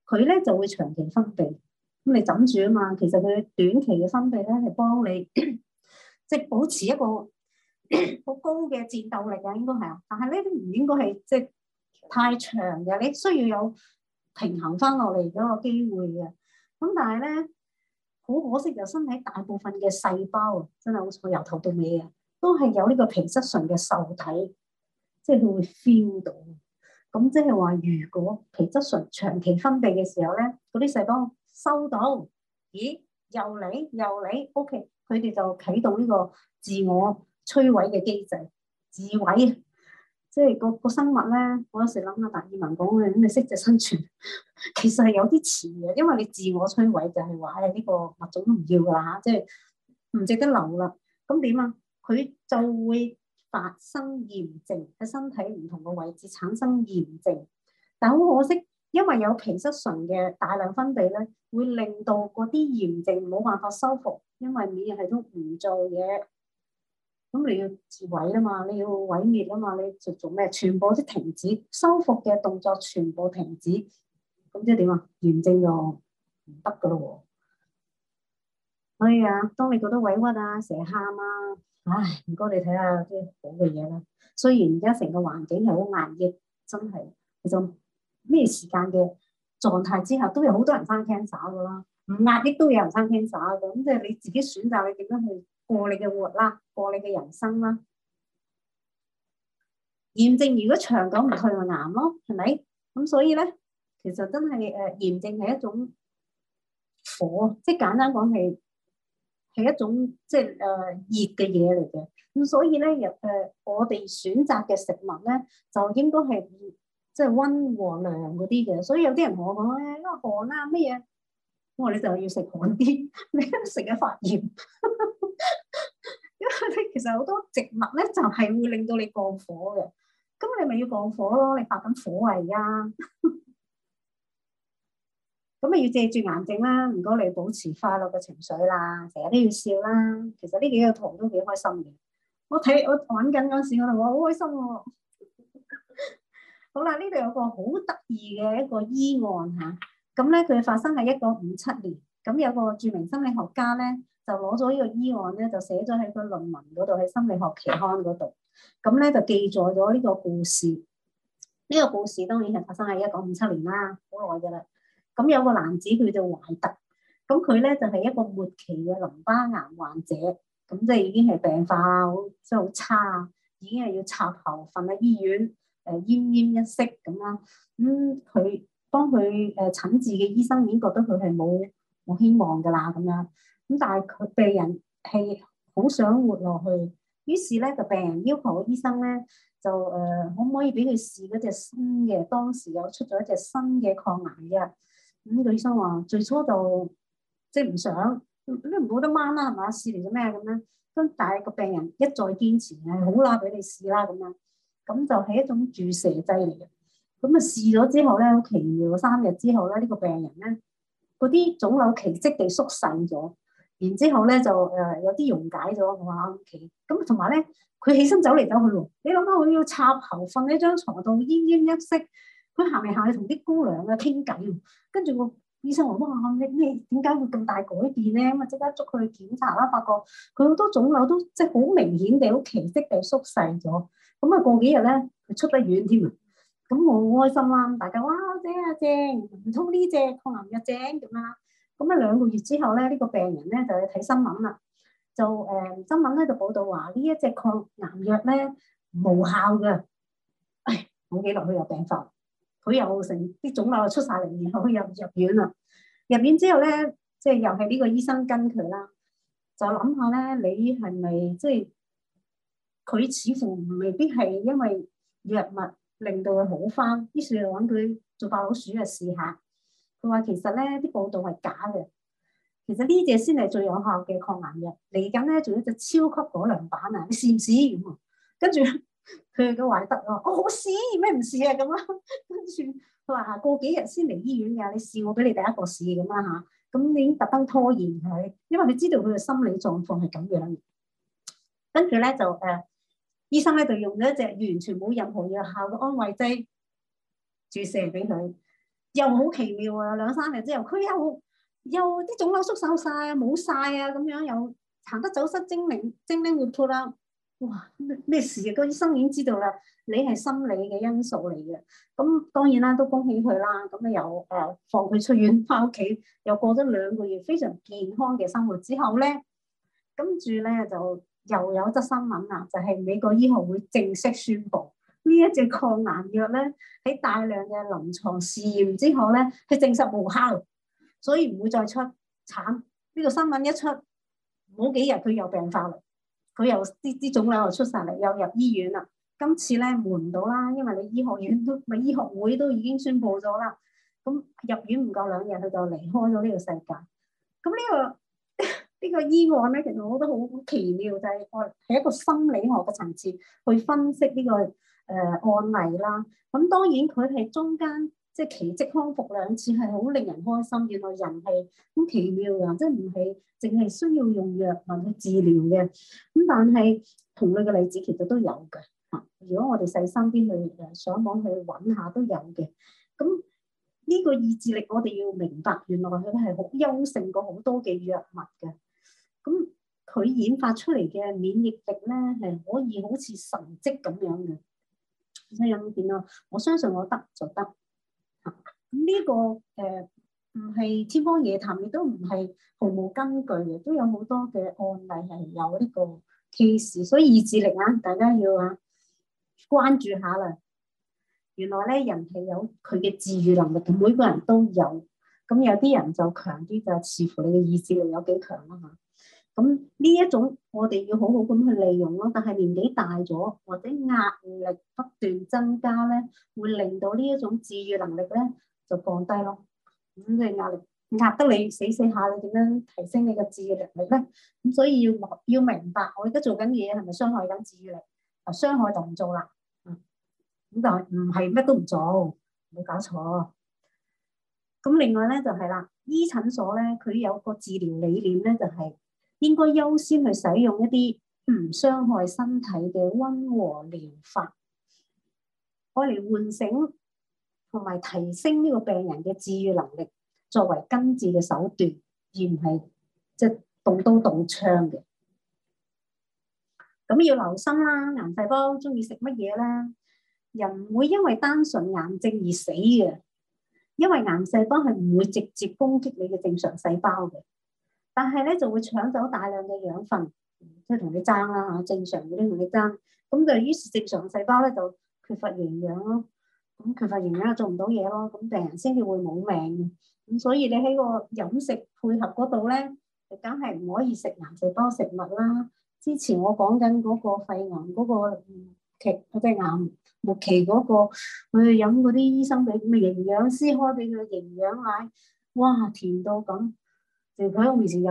佢咧就會長期分泌，咁你枕住啊嘛。其實佢短期嘅分泌咧係幫你 (coughs) 即係保持一個好 (coughs) 高嘅戰鬥力啊，應該係啊。但係呢啲唔應該係即係太長嘅，你需要有平衡翻落嚟嗰個機會嘅。咁但係咧，好可惜，就身體大部分嘅細胞真係好錯，由頭到尾啊，都係有呢個皮質醇嘅受體，即係佢會 feel 到。咁即係話，如果皮質醇長期分泌嘅時候咧，嗰啲細胞收到，咦，又嚟又嚟，OK，佢哋就啟動呢個自我摧毀嘅機制，自毀。即係個個生物咧，我有時諗下，達爾文講嘅咁嘅適者生存，其實係有啲遲嘅，因為你自我摧毀就係話，唉、哎，呢、這個物種都唔要噶啦嚇，即係唔值得留啦。咁點啊？佢就會，發生炎症喺身體唔同嘅位置產生炎症，但好可惜，因為有皮質醇嘅大量分泌咧，會令到嗰啲炎症冇辦法修復，因為免疫系統唔做嘢，咁你要自毀啦嘛，你要毀滅啦嘛，你就做咩？全部都停止修復嘅動作，全部停止，咁即係點啊？炎症就唔得㗎喇喎！可以啊，當你覺得委屈啊，成日喊啊，唉，唔該你睇下即係好嘅嘢啦。雖然而家成個環境係好壓抑，真係，其實咩時間嘅狀態之下都有好多人生 cancer 噶啦，唔壓抑都有人生 cancer 嘅。咁即係你自己選擇你點樣去過你嘅活啦，過你嘅人生啦。炎症如果長久唔退就癌咯，係咪？咁所以咧，其實真係誒，炎症係一種火，即係簡單講係。係一種即係誒熱嘅嘢，嚟嘅，咁、呃、所以咧又誒我哋選擇嘅食物咧就應該係即係温和涼嗰啲嘅，所以有啲人同我講咧，因為寒啊咩嘢，我、哦、你就要食寒啲，你食咗發炎， (laughs) 因為咧其實好多植物咧就係、是、會令到你降火嘅，咁你咪要降火咯，你發緊火而家。 (laughs) 咁啊，要借住眼睛啦。唔該，你保持快樂嘅情緒啦，成日都要笑啦。其實呢幾個圖都幾開心嘅。我睇我玩緊嗰時，我哋我好開心喎、啊。 (laughs) 好啦，呢度有個好得意嘅一個醫案嚇。咁、啊、咧，佢、嗯、發生喺一九五七年。咁有個著名心理學家咧，就攞咗呢個醫案咧，就寫咗喺個論文嗰度，喺心理學期刊嗰度。咁、嗯、咧、嗯嗯嗯、就記載咗呢個故事。呢、這個故事當然係發生喺一九五七年啦，好耐噶啦。咁有個男子，叫做懷特，咁佢咧就係、是、一個末期嘅淋巴癌患者，咁即係已經係病化啦，好即係好差，已經係要插喉瞓喺醫院，誒奄奄一息咁啦。咁佢、嗯、當佢誒診治嘅醫生已經覺得佢係冇冇希望㗎啦，咁樣咁，但係佢病人係好想活落去，於是咧就病人要求個醫生咧就誒、呃、可唔可以俾佢試嗰隻新嘅，當時有出咗一隻新嘅抗癌藥。咁女、嗯、醫生話最初就即係唔想，你唔好得掹啦，係嘛？試嚟做咩咁樣？咁但係個病人一再堅持啊，好啦，俾你試啦咁樣。咁就係一種注射劑嚟嘅。咁啊試咗之後咧，好奇妙，三日之後咧，呢、這個病人咧，嗰啲腫瘤奇蹟地縮細咗。然之後咧就誒、呃、有啲溶解咗，我話屋企。咁同埋咧，佢起身走嚟走去咯。你諗下，佢要插喉瞓喺張床度奄奄一息。佢行嚟行去同啲姑娘啊傾偈，跟住個醫生話，乜乜乜，點解會咁大改變咧？咁啊，即刻捉佢去檢查啦，發覺佢好多腫瘤都即係好明顯地、好奇蹟地縮細咗。咁啊，過幾日咧，佢出得院添啊！咁我好開心啦，大家哇！呢隻正，唔通呢隻抗癌藥正點啊？咁啊，兩個月之後咧，呢個病人咧就去睇新聞啦，就誒新聞咧就報道話呢一隻抗癌藥咧無效嘅，冇幾耐佢又病發。佢又成啲腫瘤出晒嚟，然後佢又入院啦。入院之後咧，即係又係呢個醫生跟佢啦，就諗下咧，你係咪即係佢似乎未必係因為藥物令到佢好翻，於是就揾佢做白老鼠嘅試下。佢話其實咧啲報道係假嘅，其實呢隻先係最有效嘅抗癌藥，嚟緊咧做一隻超級改良版啊！你試唔試咁？跟住。佢佢都話得咯、哦，我好試，咩唔試啊？咁啊，跟住佢話過幾日先嚟醫院嘅，你試我俾你第一個試咁啦吓。咁你特登拖延佢，因為佢知道佢嘅心理狀況係咁樣。跟住咧就誒、啊，醫生咧就用咗一隻完全冇任何藥效嘅安慰劑注射俾佢，又好奇妙啊！兩三年之後，佢又又啲腫瘤縮手晒，冇晒啊！咁樣又行得走失精靈，精靈活潑啦、啊。哇！咩事啊？嗰個醫生已經知道啦，你係心理嘅因素嚟嘅。咁當然啦，都恭喜佢啦。咁啊，又、呃、誒放佢出院返屋企，又過咗兩個月，非常健康嘅生活之後咧，跟住咧就又有則新聞啦，就係、是、美國醫學會正式宣布一呢一隻抗癌藥咧喺大量嘅臨床試驗之後咧，係證實無效，所以唔會再出產。呢、這個新聞一出，冇幾日佢又病化嚟。佢又呢呢腫瘤又出晒嚟，又入醫院啦。今次咧，瞞唔到啦，因為你醫學院都咪醫學會都已經宣布咗啦。咁入院唔夠兩日，佢就離開咗呢個世界。咁呢、這個呢、這個醫案咧，其實我覺得好好奇妙，就係我係一個心理學嘅層次去分析呢、這個誒、呃、案例啦。咁當然佢係中間。即係奇蹟康復兩次係好令人開心，原來人係咁奇妙呀，即係唔係淨係需要用藥物去治療嘅。咁但係同類嘅例子其實都有嘅嚇。如果我哋細心啲去誒上網去揾下都有嘅。咁呢個意志力我哋要明白，原來佢係好優勝過好多嘅藥物嘅。咁佢演化出嚟嘅免疫力咧係可以好似神蹟咁樣嘅。咁樣點啊？我相信我得就得。咁呢個誒，唔係天方夜譚，亦都唔係毫無根據嘅，都有好多嘅案例係有呢個 case，所以意志力啊，大家要啊關注下啦。原來咧，人係有佢嘅治愈能力，每個人都有。咁有啲人就強啲，就視乎你嘅意志力有幾強啦吓。咁呢一種我哋要好好咁去利用咯，但係年紀大咗或者壓力不斷增加咧，會令到呢一種治癒能力咧就降低咯。咁你壓力壓得你死死下，你點樣提升你嘅治癒能力咧？咁所以要要明白，我而家做緊嘢係咪傷害緊治癒力？啊，傷害就唔做啦。嗯，咁就唔係乜都唔做，冇搞錯。咁另外咧就係啦，醫診所咧佢有個治療理念咧就係。應該優先去使用一啲唔傷害身體嘅溫和療法，嚟嚟喚醒同埋提升呢個病人嘅治癒能力，作為根治嘅手段，而唔係即係動刀動槍嘅。咁要留心啦，癌細胞中意食乜嘢咧？人唔會因為單純癌症而死嘅，因為癌細胞係唔會直接攻擊你嘅正常細胞嘅。但係咧就會搶走大量嘅養分，即係同你爭啦嚇。正常嗰啲同你爭，咁就於是正常細胞咧就缺乏營養咯。咁、嗯、缺乏營養做唔到嘢咯，咁、嗯、病人先至會冇命嘅。咁、嗯、所以你喺個飲食配合嗰度咧，梗係唔可以食癌細胞食物啦。之前我講緊嗰個肺癌嗰個期嗰隻癌末期嗰個，佢去飲嗰啲醫生俾嘅營養師開俾佢嘅營養奶，哇甜到咁～佢喺我面前飲，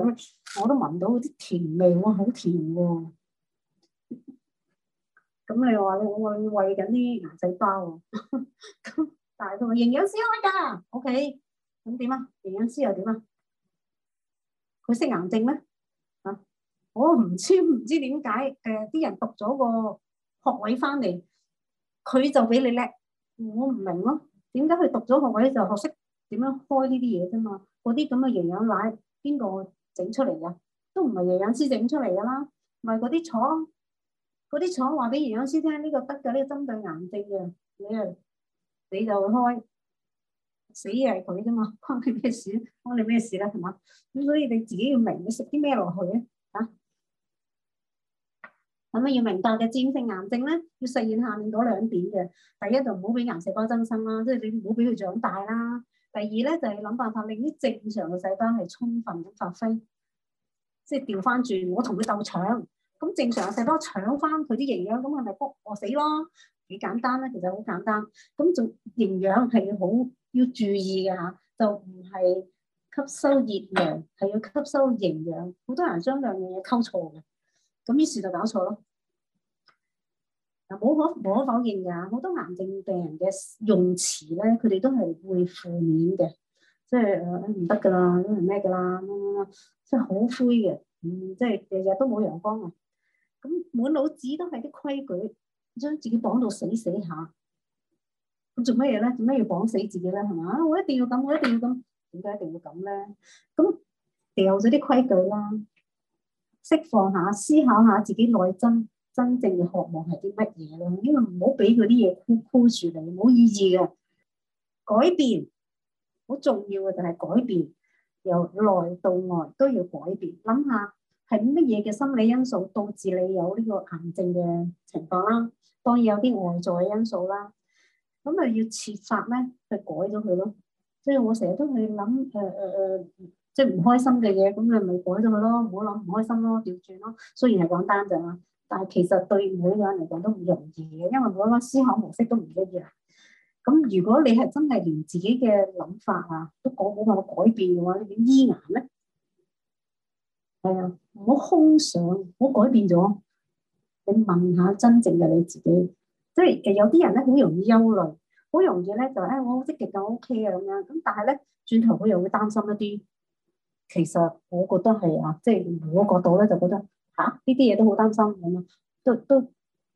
我都聞到啲甜味喎，好甜喎。咁 (laughs) 你又話你我喂緊啲牙仔包喎，咁但係佢話營養師開㗎，OK。咁點啊？營養師又點啊？佢識癌症咩？啊，我唔知唔知點解誒啲人讀咗個學位翻嚟，佢就畀你叻，我唔明咯。點解佢讀咗學位就學識點樣開呢啲嘢啫嘛？嗰啲咁嘅營養奶。邊個整出嚟嘅？都唔係營養師整出嚟噶啦，咪嗰啲廠嗰啲廠話俾營養師聽呢個得嘅，呢個針對癌症嘅，你啊你就開死係佢啫嘛，關你咩事？關你咩事啦？係嘛？咁所以你自己要明，你食啲咩落去啊？吓咁啊，要明白嘅。戰勝癌症咧，要實現下面嗰兩點嘅。第一就唔好俾癌細胞增生啦，即係你唔好俾佢長大啦。第二咧就係要諗辦法令啲正常嘅細胞係充分咁發揮，即係調翻轉我同佢鬥搶，咁正常嘅細胞搶翻佢啲營養，咁係咪谷餓死咯？幾簡單咧，其實好簡單。咁仲營養係好要，要注意嘅嚇，就唔係吸收熱量，係要吸收營養。好多人將兩樣嘢溝錯嘅，咁於是就搞錯咯。冇可冇可否認㗎，好多癌症病人嘅用詞咧，佢哋都係會負面嘅，即係誒唔得㗎啦，都係咩㗎啦，即係好灰嘅，嗯，即係日日都冇陽光啊，咁滿腦子都係啲規矩，將自己綁到死死下，咁做乜嘢咧？做咩要綁死自己咧？係嘛？我一定要咁，我一定要咁，點解一定要咁咧？咁掉咗啲規矩啦，釋放下，思考下自己內心。真正嘅渴望係啲乜嘢咯？因為唔好俾嗰啲嘢箍住你，冇意義嘅。改變好重要嘅就係改變，由內到外都要改變。諗下係乜嘢嘅心理因素導致你有呢個癌症嘅情況啦？當然有啲外在嘅因素啦。咁咪要設法咧去改咗佢咯。即係我成日都去諗誒誒誒，即係唔開心嘅嘢，咁你咪改咗佢咯，唔好諗唔開心咯，調轉咯。雖然係簡單啫。但係其實對每個人嚟講都唔容易嘅，因為我個思考模式都唔一樣。咁如果你係真係連自己嘅諗法啊都講冇辦法改變嘅話，你點醫癌咧？係、哎、啊，唔好空想，唔好改變咗。你問下真正嘅你自己，即係有啲人咧好容易憂慮，好容易咧就誒、哎、我好積極啊 OK 啊咁樣，咁但係咧轉頭佢又會擔心一啲。其實我覺得係啊，即係我角度咧就覺得。嚇！呢啲嘢都好擔心咁啊，都都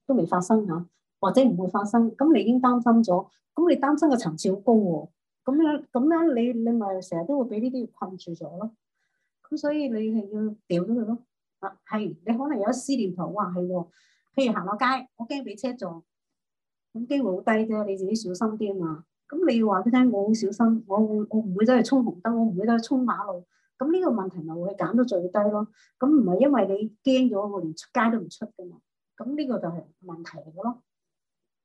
都未發生嚇、啊，或者唔會發生。咁你已經擔心咗，咁你擔心嘅層次好高喎、哦。咁樣咁樣，你咪成日都會俾呢啲嘢困住咗咯。咁所以你係要掉咗佢咯。啊，係你可能有一絲念頭，哇係喎、哦。譬如行落街，我驚俾車撞，咁機會好低啫，你自己小心啲啊嘛。咁你要話俾佢聽，我好小心，我會我唔會走去衝紅燈，我唔會走去衝馬路。咁呢個問題咪會減到最低咯？咁唔係因為你驚咗，我連出街都唔出嘅嘛？咁呢個就係問題嚟嘅咯。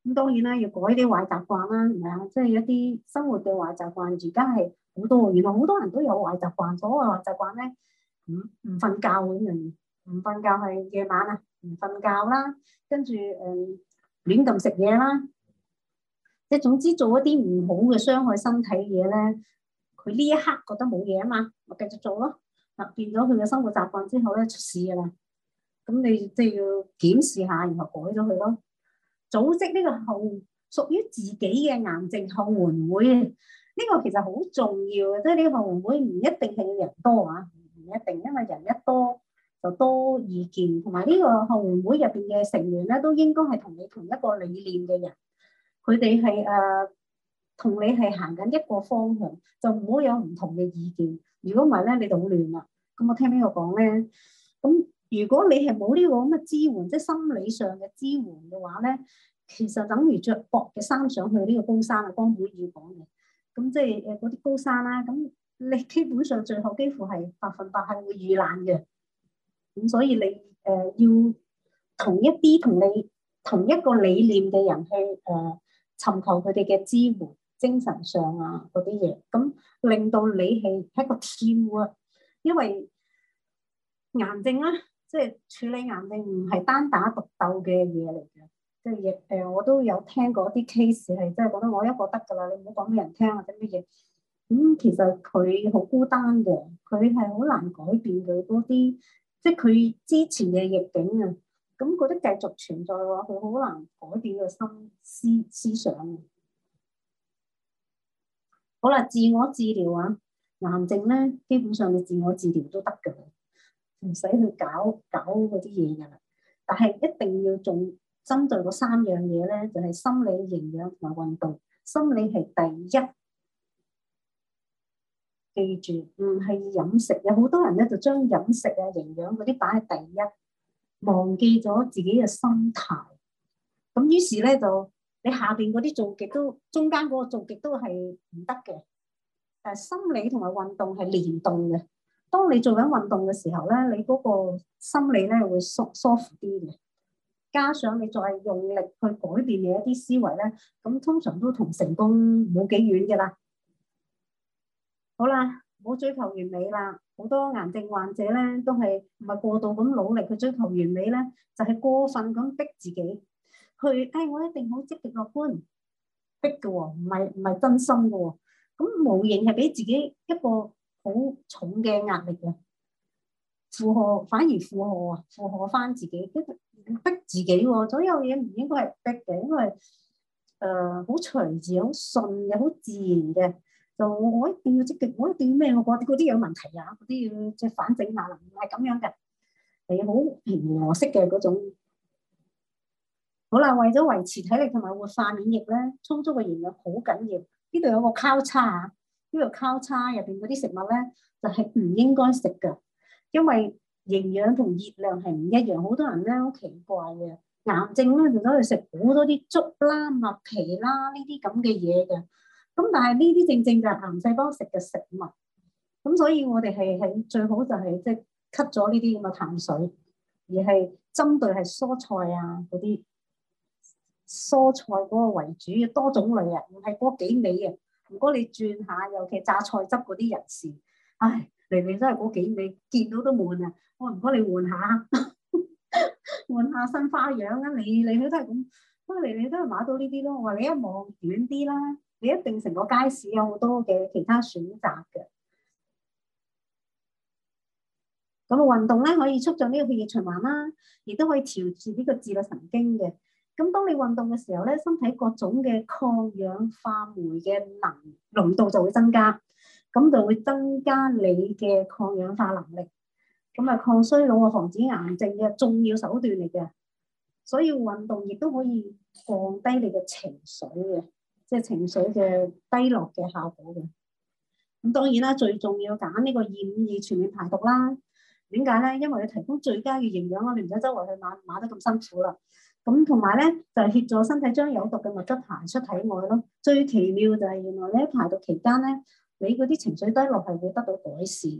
咁當然啦，要改啲壞習慣啦，係啊，即係一啲生活嘅壞習慣，而家係好多。原來好多人都有壞習慣，咗個壞習慣咧，唔唔瞓覺咁樣，唔瞓覺係夜晚啊，唔瞓覺啦，跟住誒亂咁食嘢啦，即係總之做一啲唔好嘅傷害身體嘢咧。佢呢一刻覺得冇嘢啊嘛，咪繼續做咯。咪變咗佢嘅生活習慣之後咧，出事噶啦。咁你即係要檢視下，然後改咗佢咯。組織呢個後屬於自己嘅癌症後援會，呢個其實好重要嘅。即係呢個後援會唔一定係要人多啊，唔一定，因為人一多就多意見。同埋呢個後援會入邊嘅成員咧，都應該係同你同一個理念嘅人。佢哋係誒。Uh, 同你係行緊一個方向，就唔好有唔同嘅意見。如果唔係咧，你就亂啦。咁我聽邊個講咧？咁如果你係冇呢個咁嘅支援，即係心理上嘅支援嘅話咧，其實等於着薄嘅衫上去呢個高山啊，江會爾講嘅。咁即係誒嗰啲高山啦。咁你基本上最後幾乎係百分百係會遇難嘅。咁所以你誒、呃、要同一啲同你同一個理念嘅人去誒、呃、尋求佢哋嘅支援。精神上啊嗰啲嘢，咁令到你係一個跳啊，因為癌症啦，即係、啊，就是、處理癌症唔係單打獨鬥嘅嘢嚟嘅，即係亦誒，我都有聽過啲 case 係即係覺得我一個得噶啦，你唔好講俾人聽或者乜嘢。咁其實佢好孤單嘅，佢係好難改變佢嗰啲，即係佢之前嘅逆境啊。咁嗰啲繼續存在嘅話，佢好難改變個心思思想，啊好啦，自我治療啊，癌症咧，基本上你自我治療都得㗎，唔使去搞搞嗰啲嘢㗎。但係一定要仲針對嗰三樣嘢咧，就係心理、營養同埋運動。心理係第一，記住唔係飲食。有好多人咧就將飲食啊、營養嗰啲擺喺第一，忘記咗自己嘅心態。咁於是咧就～你下邊嗰啲做極都，中間嗰個做極都係唔得嘅。誒，心理同埋運動係聯動嘅。當你做緊運動嘅時候咧，你嗰個心理咧會舒服啲嘅。加上你再用力去改變嘅一啲思維咧，咁通常都同成功冇幾遠嘅啦。好啦，唔好追求完美啦。好多癌症患者咧都係唔係過度咁努力去追求完美咧，就係過分咁逼自己。佢，唉、哎，我一定好積極樂觀，逼嘅喎，唔係唔係真心嘅喎、哦。咁無形係俾自己一個好重嘅壓力嘅，負荷反而負荷啊，負荷返自己，逼自己喎、哦。所有嘢唔應該係逼嘅，因為誒好、呃、隨意、好順又好自然嘅。就我一定要積極，我一定要咩、啊？我覺得嗰啲有問題啊，嗰啲要即係反省下啦。唔係咁樣嘅，係好平和式嘅嗰種。好啦，為咗維持體力同埋活化免疫咧，充足嘅營養好緊要。呢度有個交叉吓，呢度交叉入邊嗰啲食物咧就係、是、唔應該食嘅，因為營養同熱量係唔一樣。好多人咧好奇怪嘅，癌症咧就都要食好多啲粥啦、麥皮啦，呢啲咁嘅嘢嘅。咁但係呢啲正正就係癌細胞食嘅食物。咁所以我哋係係最好就係即係吸咗呢啲咁嘅糖水，而係針對係蔬菜啊嗰啲。蔬菜嗰個為主，嘅多種類啊，唔係嗰幾味啊。唔該你轉下，尤其榨菜汁嗰啲人士，唉，嚟嚟都係嗰幾味，見到都悶啊。我話唔該你換下，換 (laughs) 下新花樣啊！你你都、啊、你都係咁，不過嚟嚟都係買到呢啲咯。我話你一望遠啲啦，你一定成個街市有好多嘅其他選擇嘅。咁、那、啊、個，運動咧可以促進呢個血液循環啦，亦都可以調節呢個自律神經嘅。咁當你運動嘅時候咧，身體各種嘅抗氧化酶嘅能濃度就會增加，咁就會增加你嘅抗氧化能力。咁啊，抗衰老、防止癌症嘅重要手段嚟嘅。所以運動亦都可以降低你嘅情緒嘅，即係情緒嘅低落嘅效果嘅。咁當然啦，最重要揀呢個二五二全面排毒啦。點解咧？因為你提供最佳嘅營養啦，你唔使周圍去買買得咁辛苦啦。咁同埋咧，就係、是、協助身體將有毒嘅物質排出體外咯。最奇妙就係原來咧排毒期間咧，你嗰啲情緒低落係會得到改善。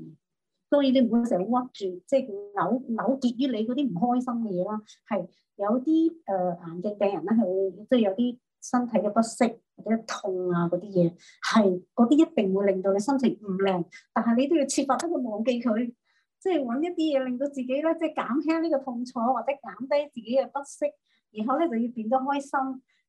當然你唔會成日屈住，即、就、係、是、扭扭結於你嗰啲唔開心嘅嘢啦。係有啲誒癌症病人咧，係會即係有啲身體嘅不適或者痛啊嗰啲嘢，係嗰啲一定會令到你心情唔靚。但係你都要設法都去忘記佢，即係揾一啲嘢令到自己咧，即係減輕呢個痛楚或者減低自己嘅不適。然後咧就要變得開心，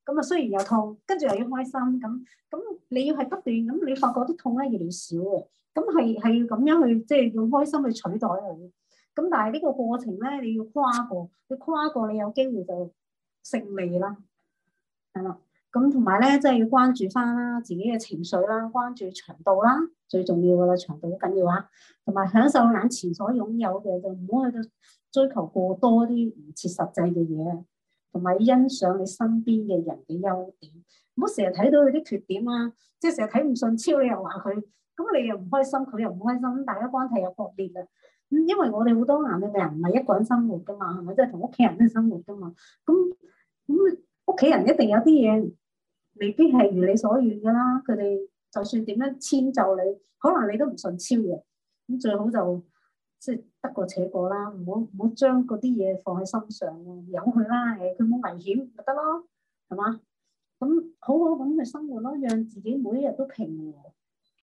咁啊雖然有痛，跟住又要開心咁咁，你要係不斷咁，你發覺啲痛咧越嚟越少嘅，咁係係要咁樣去即係用開心去取代佢。咁但係呢個過程咧，你要跨過，你跨過你有機會就食味啦，係啦。咁同埋咧，即係要關注翻啦自己嘅情緒啦，關注長度啦，最重要噶啦，長度好緊要啊。同埋享受眼前所擁有嘅，就唔好去追求過多啲唔切實際嘅嘢。同埋欣賞你身邊嘅人嘅優點，唔好成日睇到佢啲缺點啊！即係成日睇唔順超，你，你又話佢，咁你又唔開心，佢又唔開心，大家關係又破裂啦。咁、嗯、因為我哋好多男嘅人唔係一個人生活噶嘛，係咪？即係同屋企人一齊生活噶嘛。咁咁屋企人一定有啲嘢，未必係如你所願噶啦。佢哋就算點樣遷就你，可能你都唔順超嘅。咁最好就。即係得過且過啦，唔好唔好將嗰啲嘢放喺心上啊，由佢啦，誒，佢冇危險咪得咯，係嘛？咁好好咁去生活咯，讓自己每一日都平和。